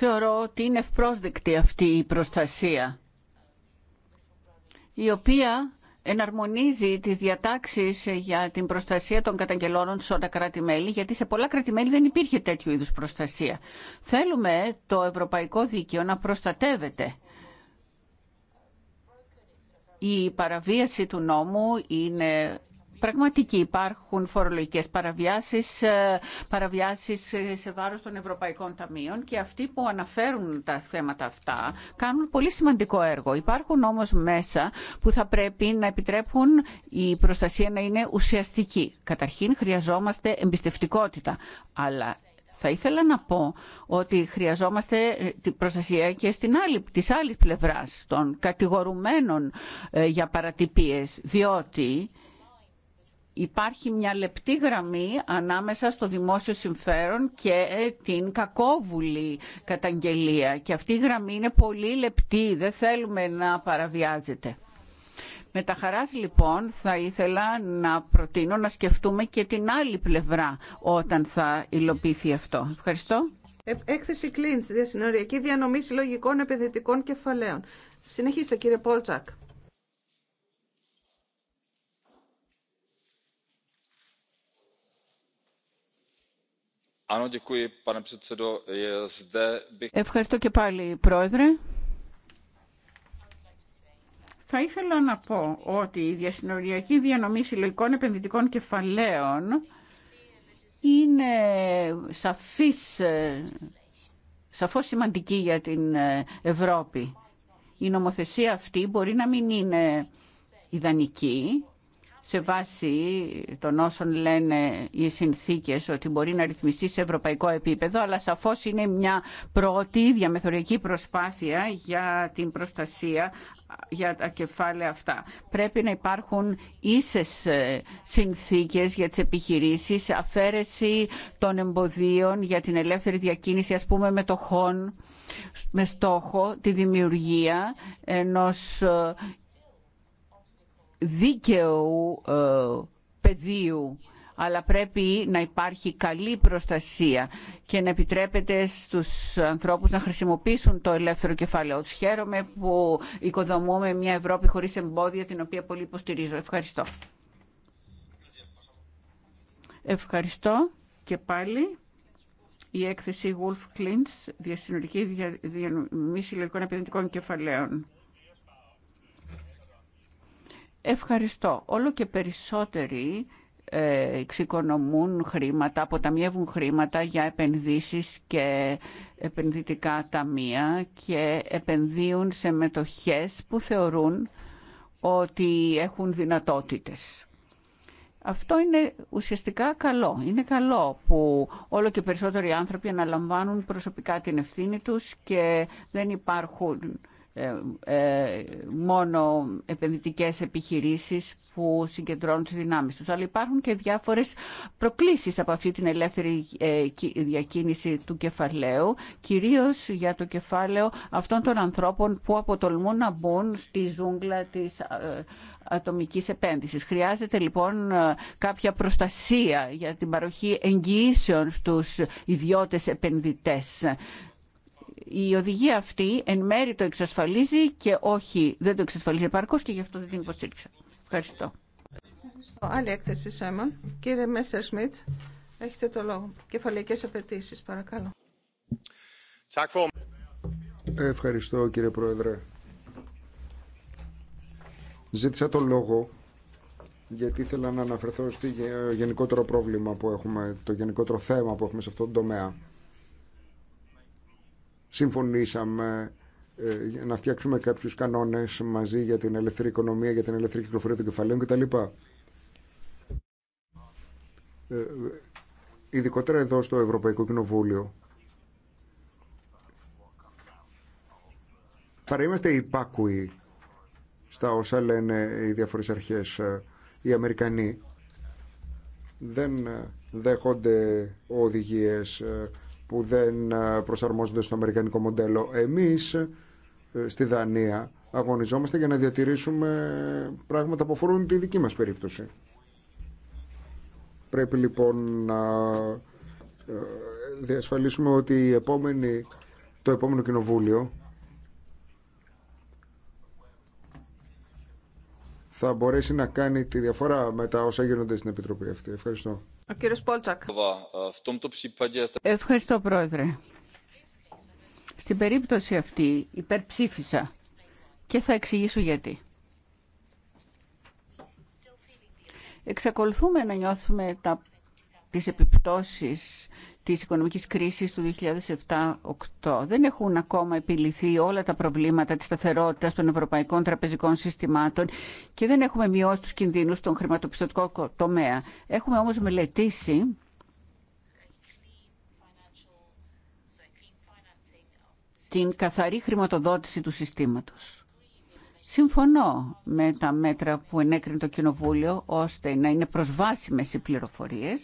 θεωρώ ότι είναι ευπρόσδεκτη αυτή η προστασία, η οποία εναρμονίζει τις διατάξεις για την προστασία των καταγγελώνων σε όλα κράτη-μέλη, γιατί σε πολλά κράτη-μέλη δεν υπήρχε τέτοιου είδους προστασία. Θέλουμε το ευρωπαϊκό δίκαιο να προστατεύεται. Η παραβίαση του νόμου είναι Πραγματικοί υπάρχουν φορολογικές παραβιάσεις, ε, παραβιάσεις σε βάρος των Ευρωπαϊκών Ταμείων και αυτοί που αναφέρουν τα θέματα αυτά κάνουν πολύ σημαντικό έργο. Υπάρχουν όμως μέσα που θα πρέπει να επιτρέπουν η προστασία να είναι ουσιαστική. Καταρχήν χρειαζόμαστε εμπιστευτικότητα, αλλά θα ήθελα να πω ότι χρειαζόμαστε την ε, προστασία και στην άλλη, της άλλης πλευράς των κατηγορουμένων ε, για παρατυπίες, διότι υπάρχει μια λεπτή γραμμή ανάμεσα στο δημόσιο συμφέρον και την κακόβουλη καταγγελία. Και αυτή η γραμμή είναι πολύ λεπτή, δεν θέλουμε να παραβιάζεται. Με τα χαράς λοιπόν θα ήθελα να προτείνω να σκεφτούμε και την άλλη πλευρά όταν θα υλοποιηθεί αυτό. Ευχαριστώ. Ε, έκθεση κλίντς, διασυνοριακή διανομή συλλογικών επενδυτικών κεφαλαίων. Συνεχίστε κύριε Πόλτσακ. Ευχαριστώ και πάλι, Πρόεδρε. Θα ήθελα να πω ότι η διασυνοριακή διανομή συλλογικών επενδυτικών κεφαλαίων είναι σαφής, σαφώς σημαντική για την Ευρώπη. Η νομοθεσία αυτή μπορεί να μην είναι ιδανική, σε βάση των όσων λένε οι συνθήκες ότι μπορεί να ρυθμιστεί σε ευρωπαϊκό επίπεδο, αλλά σαφώς είναι μια πρώτη διαμεθοριακή προσπάθεια για την προστασία για τα κεφάλαια αυτά. Πρέπει να υπάρχουν ίσες ε, συνθήκες για τις επιχειρήσεις, αφαίρεση των εμποδίων για την ελεύθερη διακίνηση, ας πούμε, μετοχών, με στόχο τη δημιουργία ενός ε, δίκαιου ε, πεδίου αλλά πρέπει να υπάρχει καλή προστασία και να επιτρέπεται στους ανθρώπους να χρησιμοποιήσουν το ελεύθερο κεφάλαιο τους. Χαίρομαι που οικοδομούμε μια Ευρώπη χωρίς εμπόδια, την οποία πολύ υποστηρίζω. Ευχαριστώ. Ευχαριστώ και πάλι. Η έκθεση Wolf Klintz, διασυνορική διανομή συλλογικών επενδυτικών κεφαλαίων. Ευχαριστώ. Όλο και περισσότεροι ε, εξοικονομούν χρήματα, αποταμιεύουν χρήματα για επενδύσεις και επενδυτικά ταμεία και επενδύουν σε μετοχές που θεωρούν ότι έχουν δυνατότητες. Αυτό είναι ουσιαστικά καλό. Είναι καλό που όλο και περισσότεροι άνθρωποι αναλαμβάνουν προσωπικά την ευθύνη τους και δεν υπάρχουν ε, ε, μόνο επενδυτικές επιχειρήσεις που συγκεντρώνουν τις δυνάμεις τους. Αλλά υπάρχουν και διάφορες προκλήσεις από αυτή την ελεύθερη ε, διακίνηση του κεφαλαίου, κυρίως για το κεφάλαιο αυτών των ανθρώπων που αποτολμούν να μπουν στη ζούγκλα της ατομικής επένδυσης. Χρειάζεται λοιπόν κάποια προστασία για την παροχή εγγυήσεων στους ιδιώτες επενδυτές η οδηγία αυτή εν μέρη το εξασφαλίζει και όχι δεν το εξασφαλίζει επαρκώ και γι' αυτό δεν την υποστήριξα. Ευχαριστώ. Ευχαριστώ. Άλλη έκθεση, Σέμον. Κύριε Μέσσερ Σμιτ, έχετε το λόγο. Κεφαλαϊκέ απαιτήσει, παρακαλώ. Ευχαριστώ, κύριε Πρόεδρε. Ζήτησα το λόγο γιατί ήθελα να αναφερθώ στο γενικότερο πρόβλημα που έχουμε, το γενικότερο θέμα που έχουμε σε αυτόν τον τομέα συμφωνήσαμε ε, να φτιάξουμε κάποιους κανόνες μαζί για την ελεύθερη οικονομία, για την ελεύθερη κυκλοφορία των κεφαλαίων κτλ. Ε, ειδικότερα εδώ στο Ευρωπαϊκό Κοινοβούλιο. Παρά υπάκουοι στα όσα λένε οι διάφορες αρχές ε, οι Αμερικανοί. Δεν δέχονται οδηγίες που δεν ε, προσαρμόζονται στο αμερικανικό μοντέλο. Εμείς ε, στη Δανία αγωνιζόμαστε για να διατηρήσουμε πράγματα που αφορούν τη δική μας περίπτωση. Πρέπει λοιπόν να ε, διασφαλίσουμε ότι το επόμενο κοινοβούλιο θα μπορέσει να κάνει τη διαφορά με τα όσα γίνονται στην Επιτροπή αυτή. Ευχαριστώ. Ο κύριος Πόλτσακ. Ευχαριστώ, Πρόεδρε. Στην περίπτωση αυτή υπερψήφισα και θα εξηγήσω γιατί. Εξακολουθούμε να νιώθουμε τα, τις επιπτώσεις της οικονομικής κρίσης του 2007-2008. Δεν έχουν ακόμα επιληθεί όλα τα προβλήματα της σταθερότητας των ευρωπαϊκών τραπεζικών συστημάτων και δεν έχουμε μειώσει τους κινδύνους στον χρηματοπιστωτικό τομέα. Έχουμε όμως μελετήσει την καθαρή χρηματοδότηση του συστήματος. Συμφωνώ με τα μέτρα που ενέκρινε το Κοινοβούλιο ώστε να είναι προσβάσιμες οι πληροφορίες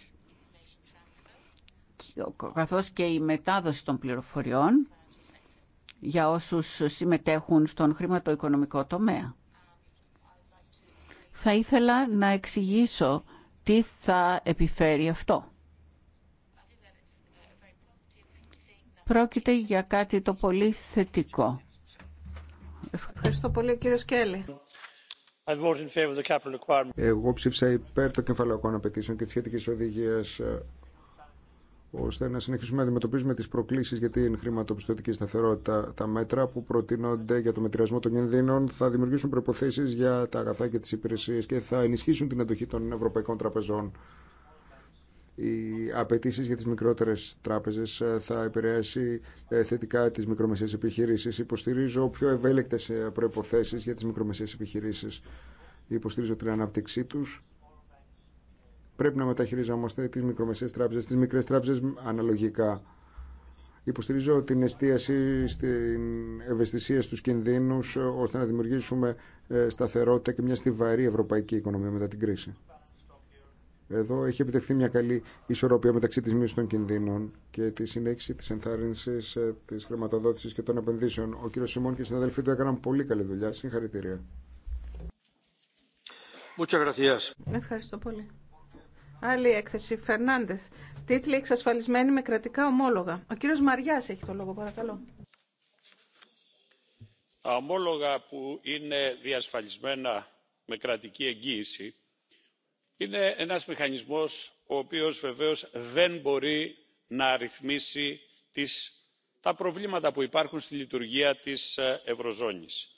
καθώς και η μετάδοση των πληροφοριών για όσους συμμετέχουν στον χρηματοοικονομικό τομέα. Θα ήθελα να εξηγήσω τι θα επιφέρει αυτό. Πρόκειται για κάτι το πολύ θετικό. Ευχαριστώ πολύ, κύριο Σκέλη. Εγώ ψήφισα υπέρ των κεφαλαϊκών απαιτήσεων και τη σχετική οδηγία ε, ώστε να συνεχίσουμε να αντιμετωπίζουμε τις προκλήσεις για την χρηματοπιστωτική σταθερότητα. Τα μέτρα που προτείνονται για το μετριασμό των κινδύνων θα δημιουργήσουν προϋποθέσεις για τα αγαθά και τις υπηρεσίες και θα ενισχύσουν την αντοχή των ευρωπαϊκών τραπεζών. Οι απαιτήσει για τι μικρότερε τράπεζε ε, θα επηρεάσει ε, θετικά τι μικρομεσαίες επιχειρήσει. Υποστηρίζω πιο ευέλικτε ε, προποθέσει για τι μικρομεσαίες επιχειρήσει, Υποστηρίζω την ανάπτυξή του. Πρέπει να μεταχειριζόμαστε τι μικρομεσαίε τράπεζε, τι μικρέ τράπεζε αναλογικά. Υποστηρίζω την εστίαση στην ευαισθησία στους κινδύνους ώστε να δημιουργήσουμε ε, σταθερότητα και μια στιβαρή ευρωπαϊκή οικονομία μετά την κρίση. Εδώ έχει επιτευχθεί μια καλή ισορροπία μεταξύ τη μείωση των κινδύνων και τη συνέχιση τη ενθάρρυνση ε, τη χρηματοδότηση και των επενδύσεων. Ο κύριος Σιμών και οι συναδελφοί του έκαναν πολύ καλή δουλειά. Συγχαρητήρια. Ευχαριστώ πολύ. Άλλη έκθεση, Φερνάντεθ. Τίτλοι εξασφαλισμένοι με κρατικά ομόλογα. Ο κύριος Μαριάς έχει το λόγο, παρακαλώ. Τα ομόλογα που είναι διασφαλισμένα με κρατική εγγύηση είναι ένας μηχανισμός ο οποίος βεβαίως δεν μπορεί να αριθμίσει τις, τα προβλήματα που υπάρχουν στη λειτουργία της ε, ευρωζώνης.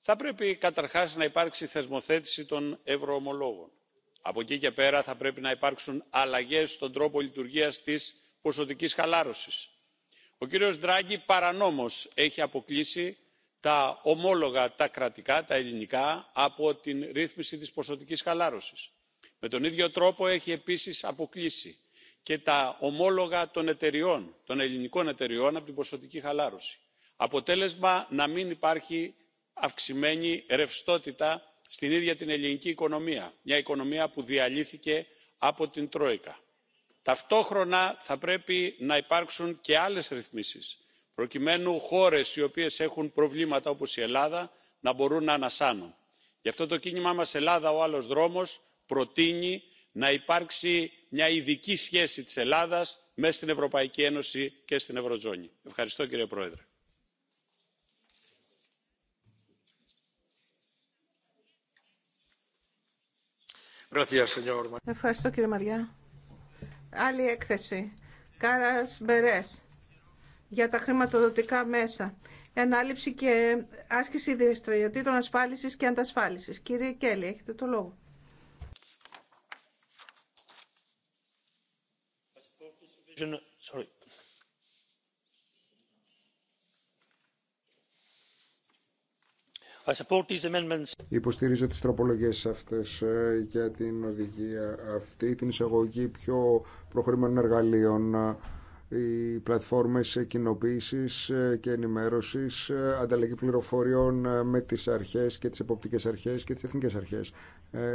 Θα πρέπει καταρχάς να υπάρξει θεσμοθέτηση των ευρωομολόγων από εκεί και πέρα θα πρέπει να υπάρξουν αλλαγές στον τρόπο λειτουργίας της ποσοτικής χαλάρωσης. ο κύριος ντράγκη παρανόμως έχει αποκλείσει τα ομόλογα τα κρατικά τα ελληνικά από την ρύθμιση της ποσοτικής χαλάρωσης. με τον ίδιο τρόπο έχει επίσης αποκλείσει και τα ομόλογα των εταιριών των ελληνικών εταιριών από την ποσοτική χαλάρωση. αποτέλεσμα να μην υπάρχει αυξημένη ρευστότητα στην ίδια την ελληνική οικονομία μια οικονομία που διαλύθηκε από την τρόικα. ταυτόχρονα θα πρέπει να υπάρξουν και άλλες ρυθμίσεις προκειμένου χώρες οι οποίες έχουν προβλήματα όπως η ελλάδα να μπορούν να ανασάνουν. γι' αυτό το κίνημά μας ελλάδα ο άλλος δρόμος προτείνει να υπάρξει μια ειδική σχέση της ελλάδας με στην ευρωπαϊκή ένωση και στην ευρωζώνη. ευχαριστώ κύριε πρόεδρε. Ευχαριστώ κύριε Μαριά. Άλλη έκθεση. Κάρας Μπερές για τα χρηματοδοτικά μέσα. Ανάληψη και άσκηση δραστηριοτήτων ασφάλισης και αντασφάλισης. Κύριε Κέλλη, έχετε το λόγο. Sorry. Υποστηρίζω τις τροπολογίες αυτές ε, για την οδηγία αυτή, την εισαγωγή πιο προχωρημένων εργαλείων, ε, οι πλατφόρμες κοινοποίηση ε, και ενημέρωσης, ανταλλαγή πληροφοριών με τις αρχές και τις εποπτικές αρχές και τις εθνικές αρχές.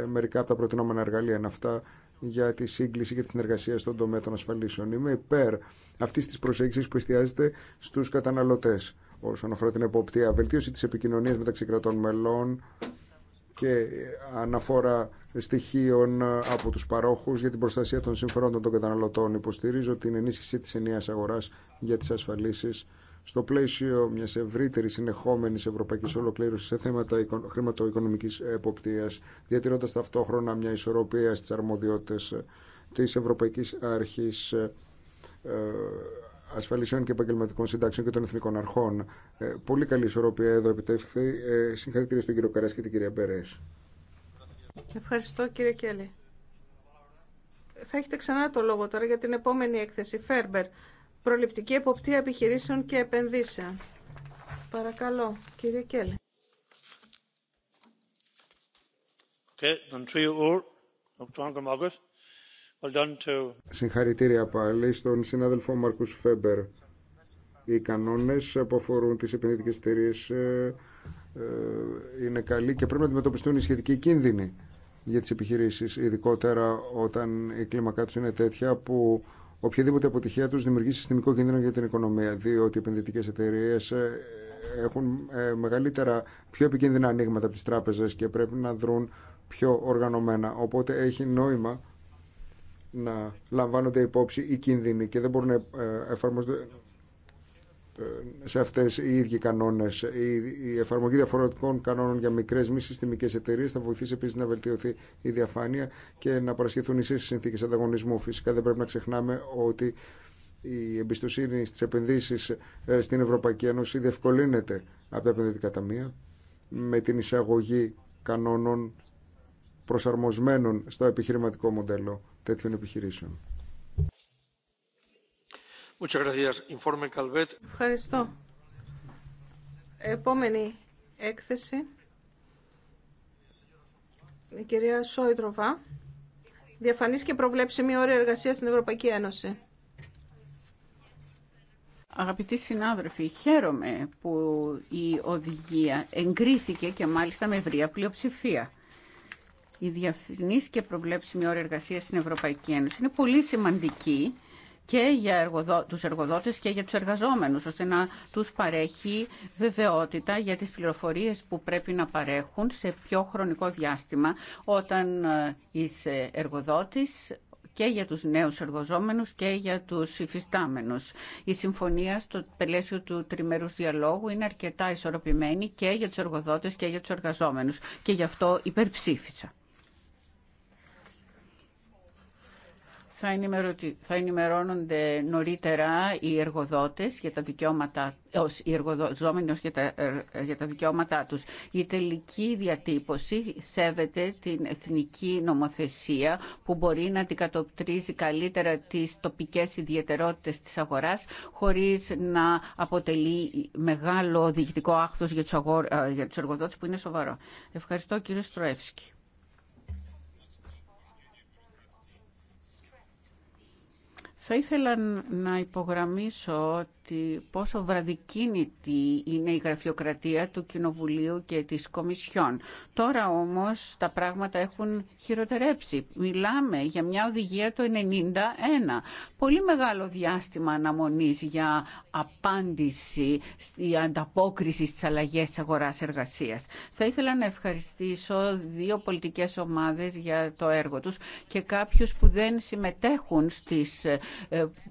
Μερικά από τα προτινόμενα εργαλεία είναι αυτά για τη σύγκληση και τη συνεργασία στον τομέα των ασφαλίσεων. Είμαι υπέρ αυτής της προσέγγισης που εστιάζεται στους καταναλωτές όσον αφορά την εποπτεία, βελτίωση της επικοινωνίας μεταξύ κρατών μελών και αναφορά στοιχείων από τους παρόχους για την προστασία των συμφερόντων των καταναλωτών. Υποστηρίζω την ενίσχυση της ενιαίας αγοράς για τις ασφαλίσεις στο πλαίσιο μιας ευρύτερης συνεχόμενη ευρωπαϊκής ολοκλήρωσης σε θέματα χρηματοοικονομική εποπτείας, διατηρώντας ταυτόχρονα μια ισορροπία στι αρμοδιότητε τη Ευρωπαϊκή Αρχής ε, ασφαλισίων και επαγγελματικών συντάξεων και των εθνικών αρχών. Ε, πολύ καλή ισορροπία εδώ επιτεύχθη. Ε, συγχαρητήρια στον κύριο Καρέσκη και την κυρία Μπερέ. Ευχαριστώ κύριε Κέλλη. Θα έχετε ξανά το λόγο τώρα για την επόμενη έκθεση. Φέρμπερ, προληπτική εποπτεία επιχειρήσεων και επενδύσεων. Παρακαλώ, κύριε Κέλλη. Okay, To... Συγχαρητήρια πάλι στον συνάδελφο Μαρκούς Φέμπερ. Οι κανόνες που αφορούν τις επενδυτικές εταιρείε ε, ε, είναι καλοί και πρέπει να αντιμετωπιστούν οι σχετικοί κίνδυνοι για τις επιχειρήσεις, ειδικότερα όταν η κλίμακά τους είναι τέτοια που οποιαδήποτε αποτυχία τους δημιουργεί συστημικό κίνδυνο για την οικονομία, διότι οι επενδυτικές εταιρείε ε, έχουν μεγαλύτερα, πιο επικίνδυνα ανοίγματα από τις τράπεζες και πρέπει να δρουν πιο οργανωμένα. Οπότε έχει νόημα να λαμβάνονται υπόψη οι κίνδυνοι και δεν μπορούν να ε, εφαρμοστούν ε, σε αυτές οι ίδιοι κανόνες. Η εφαρμογή διαφορετικών κανόνων για μικρές μη συστημικές εταιρείες θα βοηθήσει επίσης να βελτιωθεί η διαφάνεια και να παρασχεθούν ίσες συνθήκες ανταγωνισμού. Φυσικά δεν πρέπει να ξεχνάμε ότι η εμπιστοσύνη στις επενδύσεις ε, στην Ευρωπαϊκή Ένωση διευκολύνεται από τα επενδυτικά ταμεία με την εισαγωγή κανόνων προσαρμοσμένων στο επιχειρηματικό μοντέλο τέτοιων επιχειρήσεων. Ευχαριστώ. Επόμενη έκθεση. Η κυρία Σόιτροβα. Διαφανής και προβλέψιμη ώρα εργασία στην Ευρωπαϊκή Ένωση. Αγαπητοί συνάδελφοι, χαίρομαι που η οδηγία εγκρίθηκε και μάλιστα με ευρεία πλειοψηφία η διαφθηνής και προβλέψιμη ώρα εργασίας στην Ευρωπαϊκή Ένωση είναι πολύ σημαντική και για εργοδο... τους εργοδότες και για τους εργαζόμενους, ώστε να τους παρέχει βεβαιότητα για τις πληροφορίες που πρέπει να παρέχουν σε πιο χρονικό διάστημα όταν ε, είσαι εργοδότης και για τους νέους εργοζόμενους και για τους υφιστάμενους. Η συμφωνία στο πελαίσιο του τριμερούς διαλόγου είναι αρκετά ισορροπημένη και για τους εργοδότες και για τους εργαζόμενους και γι' αυτό υπερψήφισα. θα, θα ενημερώνονται νωρίτερα οι εργοδότες για τα δικαιώματα ως οι για, τα, ε, δικαιώματά τους. Η τελική διατύπωση σέβεται την εθνική νομοθεσία που μπορεί να αντικατοπτρίζει καλύτερα τις τοπικές ιδιαιτερότητες της αγοράς χωρίς να αποτελεί μεγάλο διοικητικό άχθος για τους, αγορ... Ε, για τους εργοδότες που είναι σοβαρό. Ευχαριστώ κύριε Στροεύσκη. Θα ήθελα να υπογραμμίσω ότι πόσο βραδικίνητη είναι η γραφειοκρατία του Κοινοβουλίου και της Κομισιόν. Τώρα όμως τα πράγματα έχουν χειροτερέψει. Μιλάμε για μια οδηγία το 1991. Πολύ μεγάλο διάστημα αναμονής για απάντηση στη ανταπόκριση στις αλλαγές της αγοράς εργασίας. Θα ήθελα να ευχαριστήσω δύο πολιτικές ομάδες για το έργο τους και κάποιους που δεν συμμετέχουν στις ε,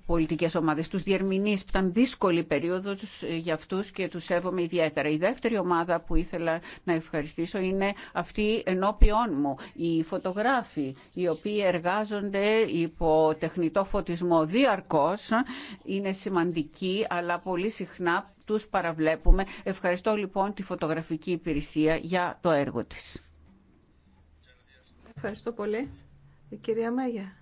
πολιτικές ομάδες, τους διερμηνείς που δύσκολη περίοδο ε, για αυτούς και τους σέβομαι ιδιαίτερα. Η δεύτερη ομάδα που ήθελα να ευχαριστήσω είναι αυτή ενώπιόν μου, οι φωτογράφοι, οι οποίοι εργάζονται υπό τεχνητό φωτισμό διαρκώς, είναι σημαντικοί, αλλά πολύ συχνά τους παραβλέπουμε. Ευχαριστώ λοιπόν τη φωτογραφική υπηρεσία για το έργο της. Ευχαριστώ πολύ. Η κυρία Μέγια.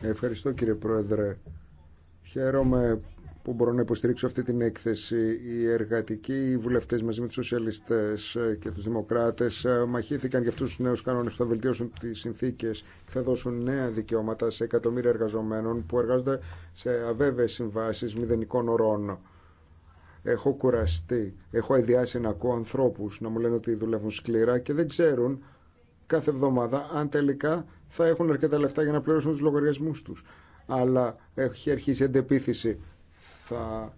Ευχαριστώ κύριε Πρόεδρε. Χαίρομαι που μπορώ να υποστηρίξω αυτή την έκθεση. Οι εργατικοί οι βουλευτές μαζί με τους σοσιαλιστές και τους δημοκράτες ε, μαχήθηκαν για αυτούς τους νέους κανόνες που θα βελτιώσουν τις συνθήκες και θα δώσουν νέα δικαιώματα σε εκατομμύρια εργαζομένων που εργάζονται σε αβέβαιες συμβάσεις μηδενικών ορών. Έχω κουραστεί, έχω αιδιάσει να ακούω ανθρώπους να μου λένε ότι δουλεύουν σκληρά και δεν ξέρουν κάθε εβδομάδα αν τελικά θα έχουν αρκετά λεφτά για να πληρώσουν τους λογαριασμούς τους. Αλλά έχει αρχίσει εντεπίθυση. Θα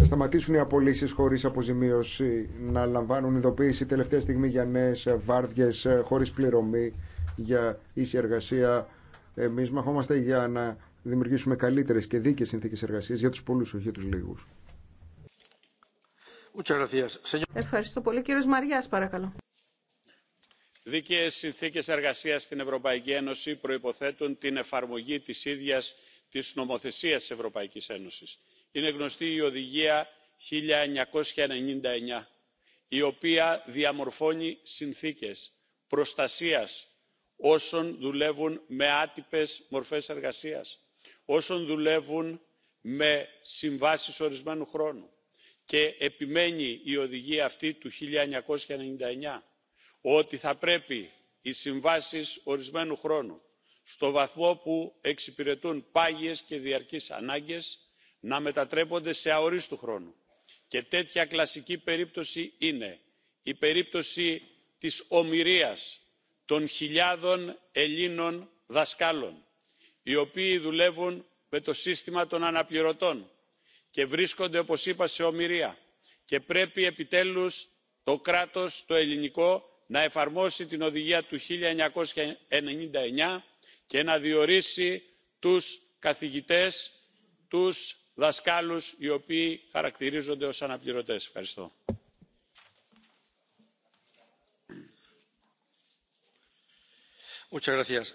ε, σταματήσουν οι απολύσεις χωρίς αποζημίωση, να λαμβάνουν ειδοποίηση τελευταία στιγμή για νέες βάρδιες ε, χωρίς πληρωμή για ίση εργασία. Εμείς μαχόμαστε για να δημιουργήσουμε καλύτερες και δίκαιες συνθήκες εργασίας για τους πολλούς, όχι για τους λίγους. Ευχαριστώ πολύ. Κύριο Μαριάς, παρακαλώ. Δίκαιε συνθήκες εργασίας στην Ευρωπαϊκή Ένωση προϋποθέτουν την εφαρμογή τη ίδια τη νομοθεσία τη Ευρωπαϊκής Ένωσης. Είναι γνωστή η Οδηγία 1999, η οποία διαμορφώνει συνθήκε προστασία όσων δουλεύουν με άτυπε μορφέ εργασία, όσων δουλεύουν με συμβάσει ορισμένου χρόνου και επιμένει η οδηγία αυτή του 1999 ότι θα πρέπει οι συμβάσεις ορισμένου χρόνου στο βαθμό που εξυπηρετούν πάγιες και διαρκείς ανάγκες να μετατρέπονται σε αορίστου χρόνου και τέτοια κλασική περίπτωση είναι η περίπτωση της ομοιρίας των χιλιάδων ελλήνων δασκάλων οι οποίοι δουλεύουν με το σύστημα των αναπληρωτών και βρίσκονται όπως είπα σε ομοιρία και πρέπει επιτέλους το κράτος το ελληνικό να εφαρμόσει την οδηγία του 1999 και να διορίσει τους καθηγητές τους δασκάλους οι οποίοι χαρακτηρίζονται ως αναπληρωτές. Ευχαριστώ.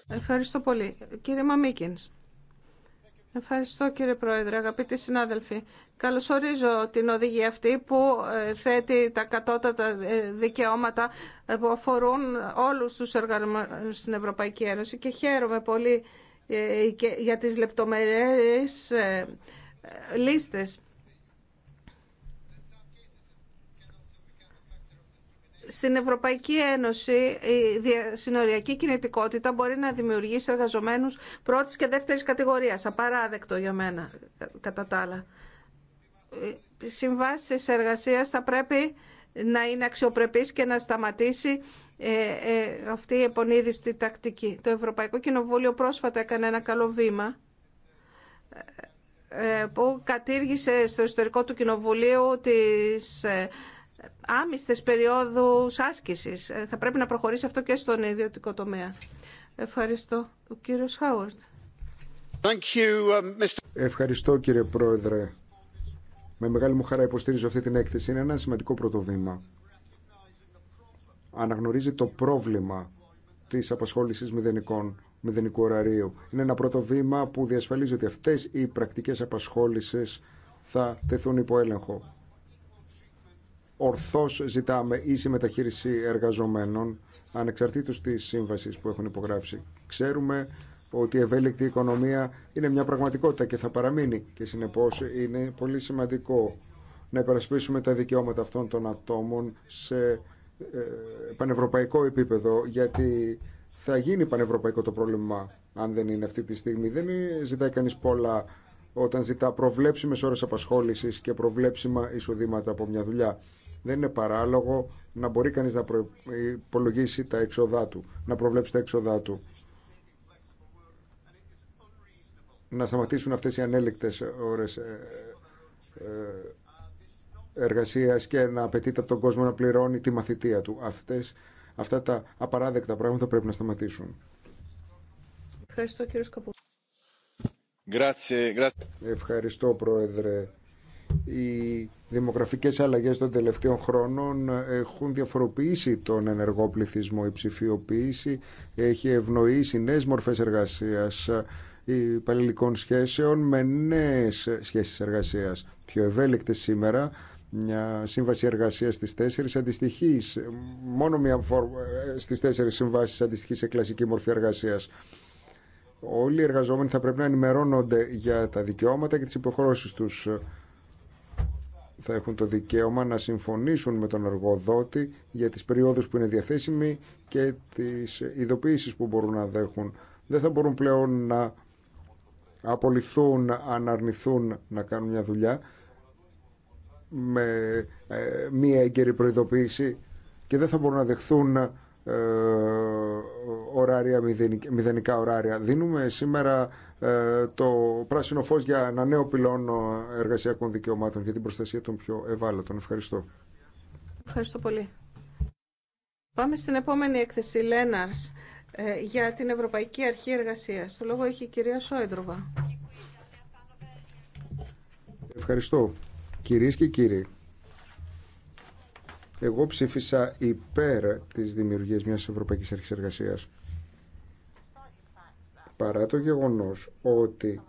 Ευχαριστώ πολύ. Κύριε Μαμίκινς. Ευχαριστώ κύριε Πρόεδρε, αγαπητοί συνάδελφοι. Καλωσορίζω την οδηγία αυτή που ε, θέτει τα κατώτατα ε, δικαιώματα ε, που αφορούν όλους τους εργαζομένους στην Ευρωπαϊκή Ένωση και χαίρομαι πολύ για τις λεπτομερές λίστες Στην Ευρωπαϊκή Ένωση η συνοριακή κινητικότητα μπορεί να δημιουργήσει εργαζομένους πρώτης και δεύτερης κατηγορίας. Απαράδεκτο για μένα, κατά τα άλλα. Ε, συμβάσεις εργασίας θα πρέπει να είναι αξιοπρεπής και να σταματήσει ε, ε, αυτή η επονίδιστη τακτική. Το Ευρωπαϊκό Κοινοβούλιο πρόσφατα έκανε ένα καλό βήμα που κατήργησε στο ιστορικό του Κοινοβουλίου τις άμυστες περιόδους άσκησης. Ε, θα πρέπει να προχωρήσει αυτό και στον ιδιωτικό τομέα. Ευχαριστώ. Ο κύριος Χάουαρντ. Uh, Ευχαριστώ κύριε Πρόεδρε. Με μεγάλη μου χαρά υποστήριζω αυτή την έκθεση. Είναι ένα σημαντικό πρωτοβήμα. Αναγνωρίζει το πρόβλημα της απασχόλησης μηδενικών μηδενικού ωραρίου. Είναι ένα πρώτο βήμα που διασφαλίζει ότι αυτές οι πρακτικές απασχόλησης θα τεθούν υπό έλεγχο ορθώς ζητάμε ίση μεταχείριση εργαζομένων ανεξαρτήτως της σύμβασης που έχουν υπογράψει. Ξέρουμε ότι η ευέλικτη οικονομία είναι μια πραγματικότητα και θα παραμείνει και συνεπώς είναι πολύ σημαντικό να υπερασπίσουμε τα δικαιώματα αυτών των ατόμων σε ε, πανευρωπαϊκό επίπεδο γιατί θα γίνει πανευρωπαϊκό το πρόβλημα αν δεν είναι αυτή τη στιγμή. Δεν ζητάει κανείς πολλά όταν ζητά προβλέψιμες ώρες απασχόλησης και προβλέψιμα εισοδήματα από μια δουλειά δεν είναι παράλογο να μπορεί κανείς να υπολογίσει τα έξοδά του, να προβλέψει τα έξοδά του. Να σταματήσουν αυτές οι ανέλεκτες ώρες ε, ε, εργασίας και να απαιτείται από τον κόσμο να πληρώνει τη μαθητεία του. Αυτές, αυτά τα απαράδεκτα πράγματα πρέπει να σταματήσουν. Ευχαριστώ κύριο Σκαπού. Ευχαριστώ πρόεδρε. Οι δημογραφικές αλλαγές των τελευταίων χρόνων έχουν διαφοροποιήσει τον ενεργό πληθυσμό. Η ψηφιοποίηση έχει ευνοήσει νέες μορφές εργασίας υπαλληλικών σχέσεων με νέες σχέσεις εργασίας. Πιο ευέλικτες σήμερα μια σύμβαση εργασίας στις τέσσερις αντιστοιχείς, μόνο μια φορ... στις τέσσερις συμβάσεις αντιστοιχεί σε κλασική μορφή εργασίας. Όλοι οι εργαζόμενοι θα πρέπει να ενημερώνονται για τα δικαιώματα και τις υποχρώσεις τους θα έχουν το δικαίωμα να συμφωνήσουν με τον εργοδότη για τις περιόδους που είναι διαθέσιμοι και τις ειδοποιήσεις που μπορούν να δέχουν. Δεν θα μπορούν πλέον να απολυθούν, αν αρνηθούν να κάνουν μια δουλειά με ε, μία έγκαιρη προειδοποίηση και δεν θα μπορούν να δεχθούν ε, ωράρια, μηδενικά ωράρια. Δίνουμε σήμερα ε, το πράσινο φως για ένα νέο πυλόν εργασιακών δικαιωμάτων για την προστασία των πιο ευάλωτων. Ευχαριστώ. Ευχαριστώ πολύ. Πάμε στην επόμενη έκθεση, Λέναρς, ε, για την Ευρωπαϊκή Αρχή Εργασίας. Το λόγο έχει η κυρία Σόεντροβα. Ευχαριστώ. Κυρίες και κύριοι, εγώ ψήφισα υπέρ της δημιουργίας μιας Ευρωπαϊκής Αρχής Εργασίας. Παρά το γεγονός ότι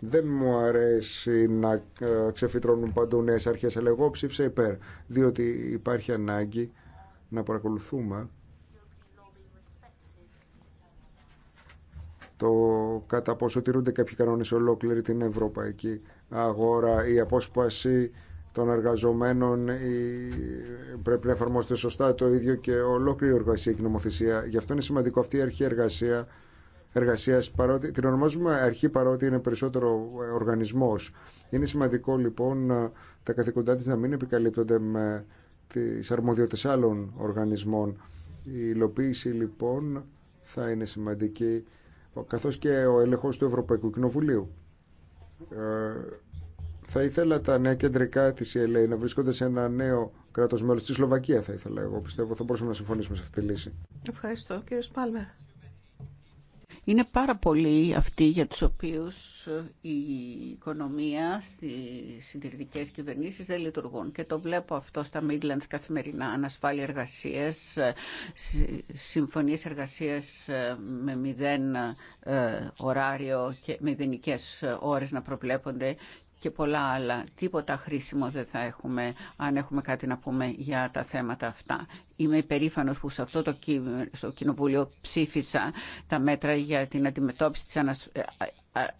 δεν μου αρέσει να ε, ξεφυτρώνουν παντού νέε αρχέ, αλλά εγώ ψήφισα υπέρ. Διότι υπάρχει ανάγκη να παρακολουθούμε το κατά πόσο τηρούνται κάποιοι κανόνες ολόκληρη την ευρωπαϊκή αγορά, η απόσπαση των εργαζομένων πρέπει να εφαρμόζεται σωστά το ίδιο και ολόκληρη η η νομοθεσία. Γι' αυτό είναι σημαντικό αυτή η αρχή εργασία, εργασίας, παρότι, την ονομάζουμε αρχή παρότι είναι περισσότερο ε, οργανισμός. Είναι σημαντικό λοιπόν τα καθηκοντά τη να μην επικαλύπτονται με τις αρμοδιότητες άλλων οργανισμών. Η υλοποίηση λοιπόν θα είναι σημαντική καθώς και ο έλεγχος του Ευρωπαϊκού Κοινοβουλίου ε, θα ήθελα τα νέα κεντρικά τη ΕΛΕ να βρίσκονται σε ένα νέο κρατό μέλο. στη Σλοβακία θα ήθελα εγώ πιστεύω θα μπορούσαμε να συμφωνήσουμε σε αυτή τη λύση. Ευχαριστώ κύριε Σπάλμερ. Είναι πάρα πολλοί αυτοί για τους οποίους ε, η οικονομία στι συντηρητικές κυβερνήσεις δεν λειτουργούν. Και το βλέπω αυτό στα Midlands καθημερινά. Ανασφάλεια εργασίες, συμφωνίε εργασίες ε, με μηδέν ε, ωράριο και μηδενικές ώρε να προβλέπονται και πολλά άλλα. Τίποτα χρήσιμο δεν θα έχουμε αν έχουμε κάτι να πούμε για τα θέματα αυτά. Είμαι υπερήφανο που σε αυτό το στο κοινοβούλιο ψήφισα τα μέτρα για την αντιμετώπιση της ανασ... Ε,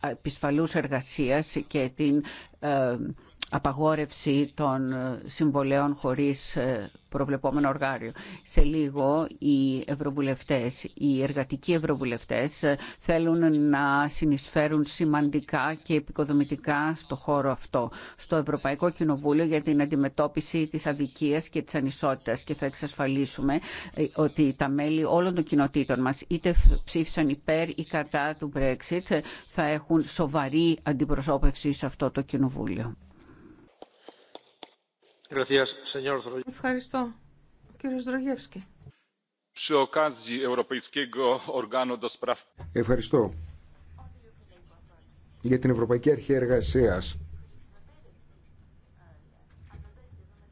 επισφαλούς εργασίας και την ε, απαγόρευση των ε, συμβολέων χωρίς προβλεπόμενο οργάριο. Σε λίγο οι ευρωβουλευτές, οι εργατικοί ευρωβουλευτές ε, θέλουν να συνεισφέρουν σημαντικά και επικοδομητικά στο χώρο αυτό, στο Ευρωπαϊκό Κοινοβούλιο για την αντιμετώπιση της αδικίας και της ανισότητας και θα εξασφαλίσουμε ε, ότι τα μέλη όλων των κοινοτήτων μας είτε ψήφισαν υπέρ ή κατά του Brexit ε, θα έχουν σοβαρή αντιπροσώπευση σε αυτό το Κοινοβούλιο. Ευχαριστώ. Κύριος Δρογεύσκη. Ευχαριστώ. Για την Ευρωπαϊκή Αρχή Εργασίας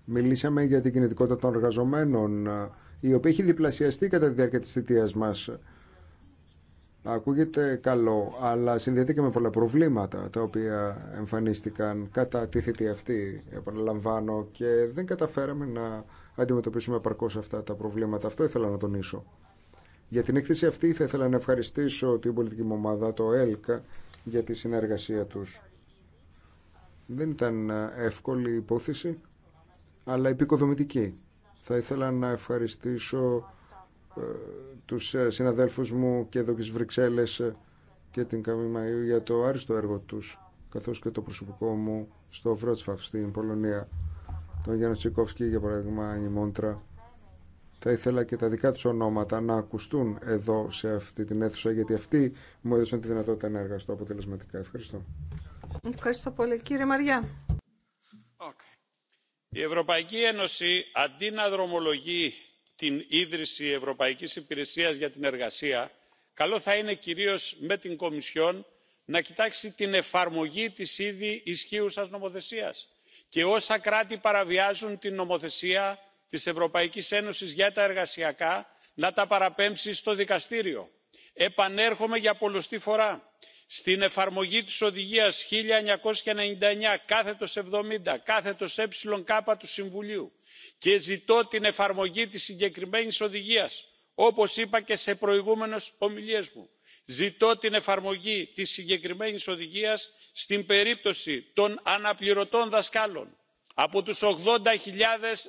μιλήσαμε για την κινητικότητα των εργαζομένων η οποία έχει διπλασιαστεί κατά τη διάρκεια της θητείας μας ακούγεται καλό, αλλά συνδέεται και με πολλά προβλήματα τα οποία εμφανίστηκαν κατά τη θητή αυτή, επαναλαμβάνω, και δεν καταφέραμε να αντιμετωπίσουμε επαρκώ αυτά τα προβλήματα. Αυτό ήθελα να τονίσω. Για την έκθεση αυτή θα ήθελα να ευχαριστήσω την πολιτική μου ομάδα, το ΕΛΚΑ, για τη συνεργασία τους. Δεν ήταν εύκολη η υπόθεση, αλλά επικοδομητική. Θα ήθελα να ευχαριστήσω τους ε, συναδέλφους μου και εδώ και στις Βρυξέλλες ε, και την Καμή για το άριστο έργο τους καθώς και το προσωπικό μου στο Βρότσφαφ στην Πολωνία τον Γιάννη Τσικόφσκι για παράδειγμα η Μόντρα θα ήθελα και τα δικά τους ονόματα να ακουστούν εδώ σε αυτή την αίθουσα γιατί αυτοί μου έδωσαν τη δυνατότητα να εργαστώ αποτελεσματικά. Ευχαριστώ. Ευχαριστώ πολύ. Κύριε Μαριά. Okay. Η Ευρωπαϊκή Ένωση αντί να δρομολογεί την ίδρυση ευρωπαϊκής υπηρεσίας για την εργασία καλό θα είναι κυρίως με την κομισιόν να κοιτάξει την εφαρμογή της ήδη ισχύουσας νομοθεσίας και όσα κράτη παραβιάζουν την νομοθεσία της ευρωπαϊκής ένωσης για τα εργασιακά να τα παραπέμψει στο δικαστήριο. επανέρχομαι για πολλωστή φορά στην εφαρμογή της οδηγίας 1999 κάθετος 70 ε του Συμβουλίου και ζητώ την εφαρμογή της συγκεκριμένης οδηγίας όπως είπα και σε προηγούμενες ομιλίες μου ζητώ την εφαρμογή της συγκεκριμένης οδηγίας στην περίπτωση των αναπληρωτών δασκάλων. από τους 80.000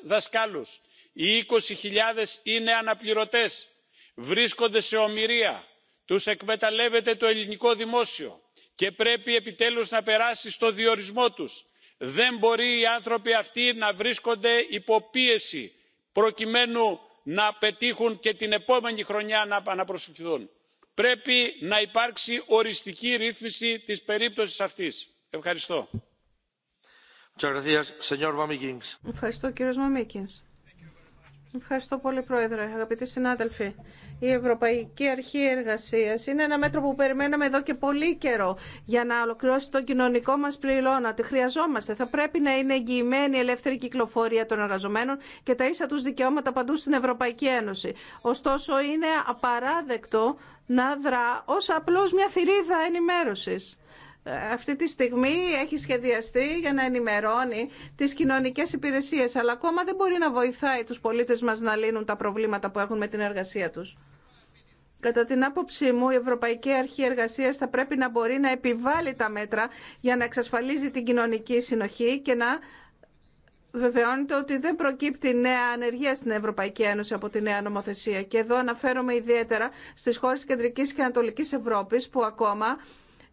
δασκάλους οι 20.000 είναι αναπληρωτές βρίσκονται σε ομοιρία τους εκμεταλλεύεται το ελληνικό δημόσιο και πρέπει επιτέλους να περάσει στο διορισμό τους δεν μπορεί οι άνθρωποι αυτοί να βρίσκονται υπό πίεση προκειμένου να πετύχουν και την επόμενη χρονιά να επαναπροσληφθούν. πρέπει να υπάρξει οριστική ρύθμιση της περίπτωσης αυτής. ευχαριστώ. Ευχαριστώ κύριε Ευχαριστώ πολύ, Πρόεδρε. Αγαπητοί συνάδελφοι, η Ευρωπαϊκή Αρχή Εργασία είναι ένα μέτρο που περιμέναμε εδώ και πολύ καιρό για να ολοκληρώσει τον κοινωνικό μα πλήλωνα. Τη χρειαζόμαστε. Θα πρέπει να είναι εγγυημένη η ελεύθερη κυκλοφορία των εργαζομένων και τα ίσα του δικαιώματα παντού στην Ευρωπαϊκή Ένωση. Ωστόσο, είναι απαράδεκτο να δρά ω απλώ μια θηρίδα ενημέρωση αυτή τη στιγμή έχει σχεδιαστεί για να ενημερώνει τις κοινωνικές υπηρεσίες, αλλά ακόμα δεν μπορεί να βοηθάει τους πολίτες μας να λύνουν τα προβλήματα που έχουν με την εργασία τους. Κατά την άποψή μου, η Ευρωπαϊκή Αρχή Εργασία θα πρέπει να μπορεί να επιβάλλει τα μέτρα για να εξασφαλίζει την κοινωνική συνοχή και να βεβαιώνεται ότι δεν προκύπτει νέα ανεργία στην Ευρωπαϊκή Ένωση από τη νέα νομοθεσία. Και εδώ αναφέρομαι ιδιαίτερα στι χώρε Κεντρική και Ανατολική Ευρώπη που ακόμα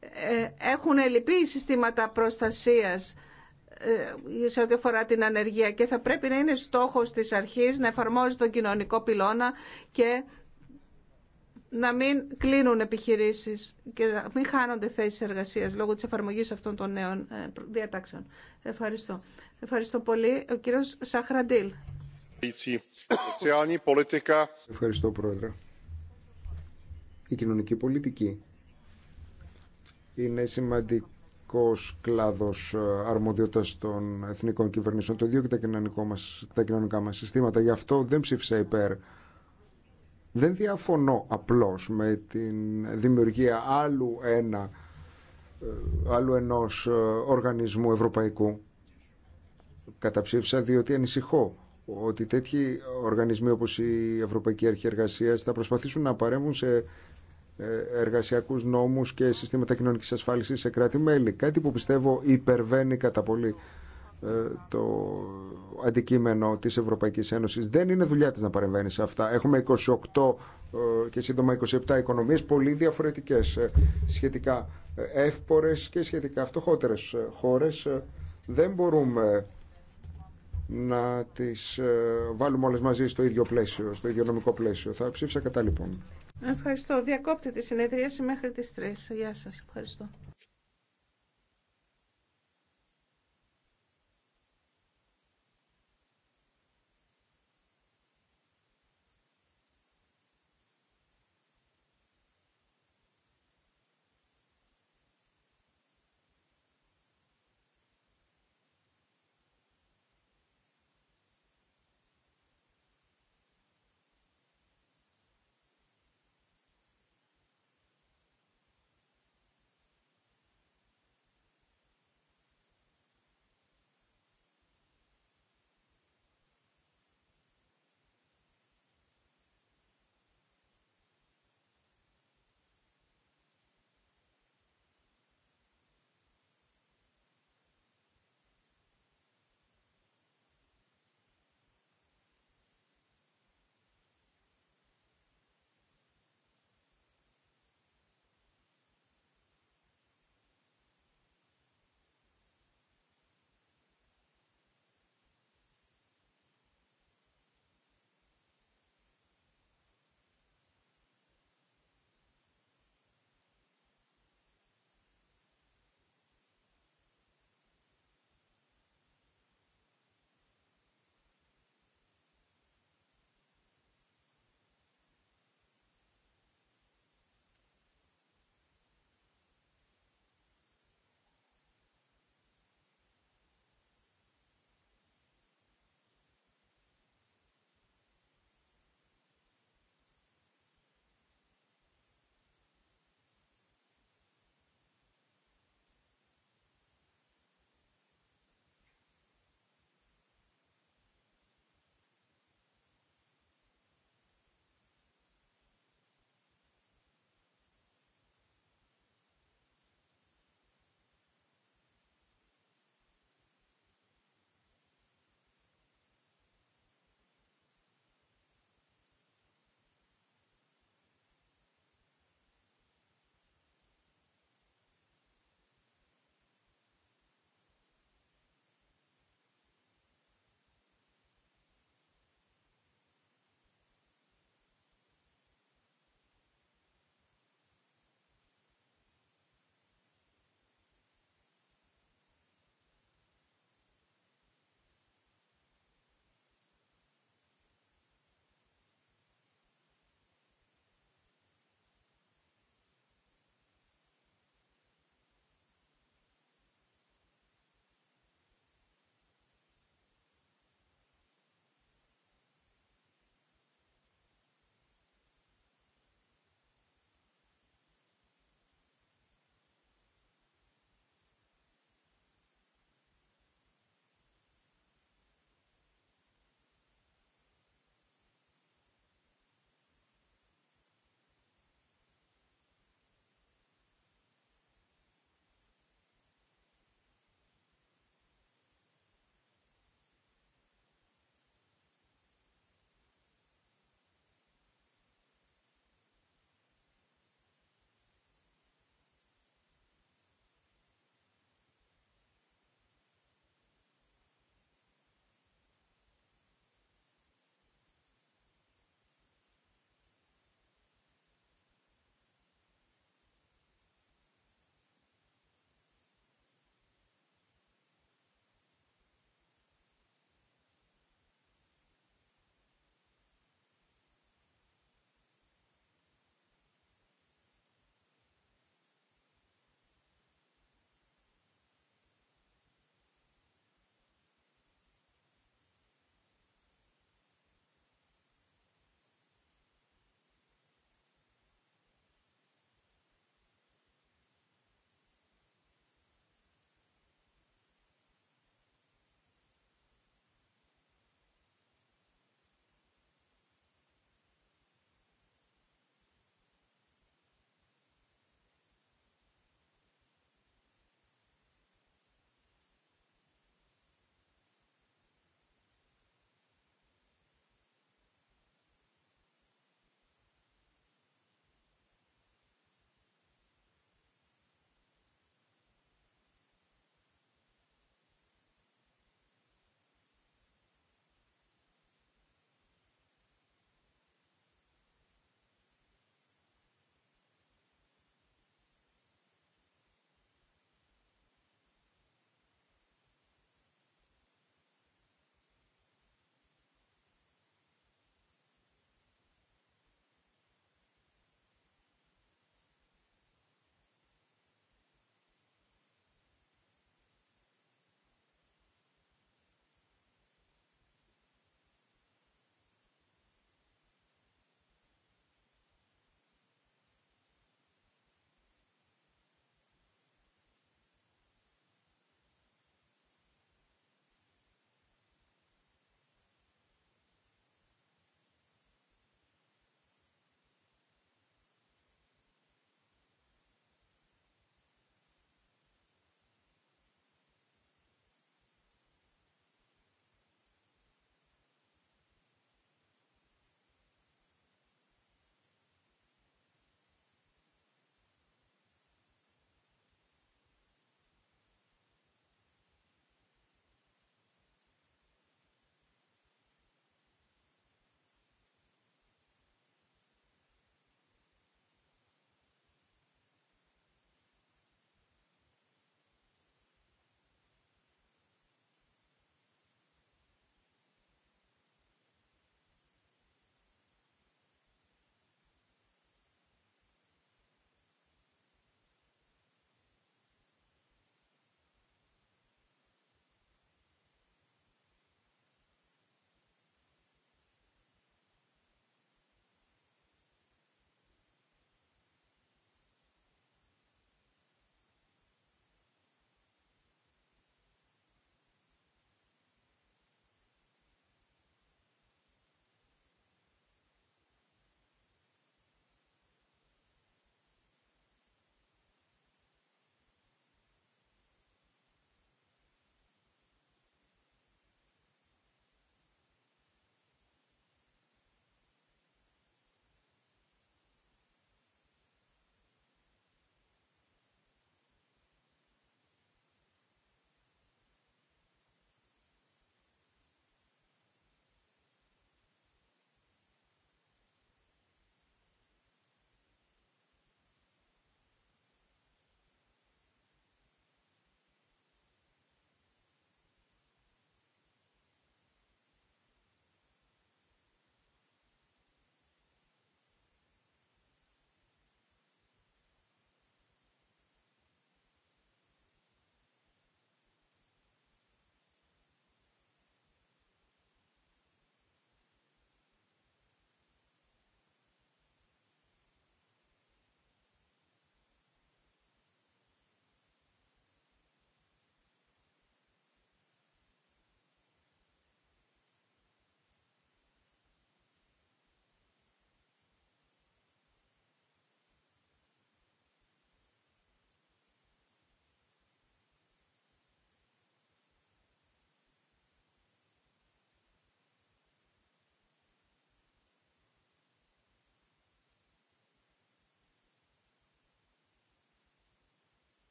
ε, έχουν οι συστήματα προστασίας ε, σε ό,τι αφορά την ανεργία και θα πρέπει να είναι στόχος της αρχής να εφαρμόζει τον κοινωνικό πυλώνα και να μην κλείνουν επιχειρήσεις και να μην χάνονται θέσεις εργασίας λόγω της εφαρμογής αυτών των νέων ε, διατάξεων. Ευχαριστώ. Ευχαριστώ πολύ. Ο κύριος Σαχραντήλ. Ευχαριστώ, Πρόεδρε. Η κοινωνική πολιτική είναι σημαντικός κλάδος ε, αρμοδιότητας των εθνικών κυβερνήσεων. Το ίδιο και τα, μας, τα κοινωνικά μας συστήματα. Γι' αυτό δεν ψήφισα υπέρ. Δεν διαφωνώ απλώς με την δημιουργία άλλου, ένα, ε, άλλου ενός ε, οργανισμού ευρωπαϊκού. Καταψήφισα διότι ανησυχώ ότι τέτοιοι οργανισμοί όπως η Ευρωπαϊκή Αρχή Εργασίας θα προσπαθήσουν να παρέμβουν σε ε, εργασιακούς νόμους και συστήματα κοινωνικής ασφάλισης σε κράτη-μέλη. Κάτι που πιστεύω υπερβαίνει κατά πολύ ε, το αντικείμενο της Ευρωπαϊκής Ένωσης. Δεν είναι δουλειά της να παρεμβαίνει σε αυτά. Έχουμε 28 ε, και σύντομα 27 οικονομίες πολύ διαφορετικές, σχετικά εύπορες και σχετικά φτωχότερε χώρες. Δεν μπορούμε να τις βάλουμε όλες μαζί στο ίδιο πλαίσιο, στο ίδιο νομικό πλαίσιο. Θα ψήφισα κατά λοιπόν. Ευχαριστώ. Διακόπτε τη συνεδρίαση μέχρι τις 3. Γεια σας. Ευχαριστώ.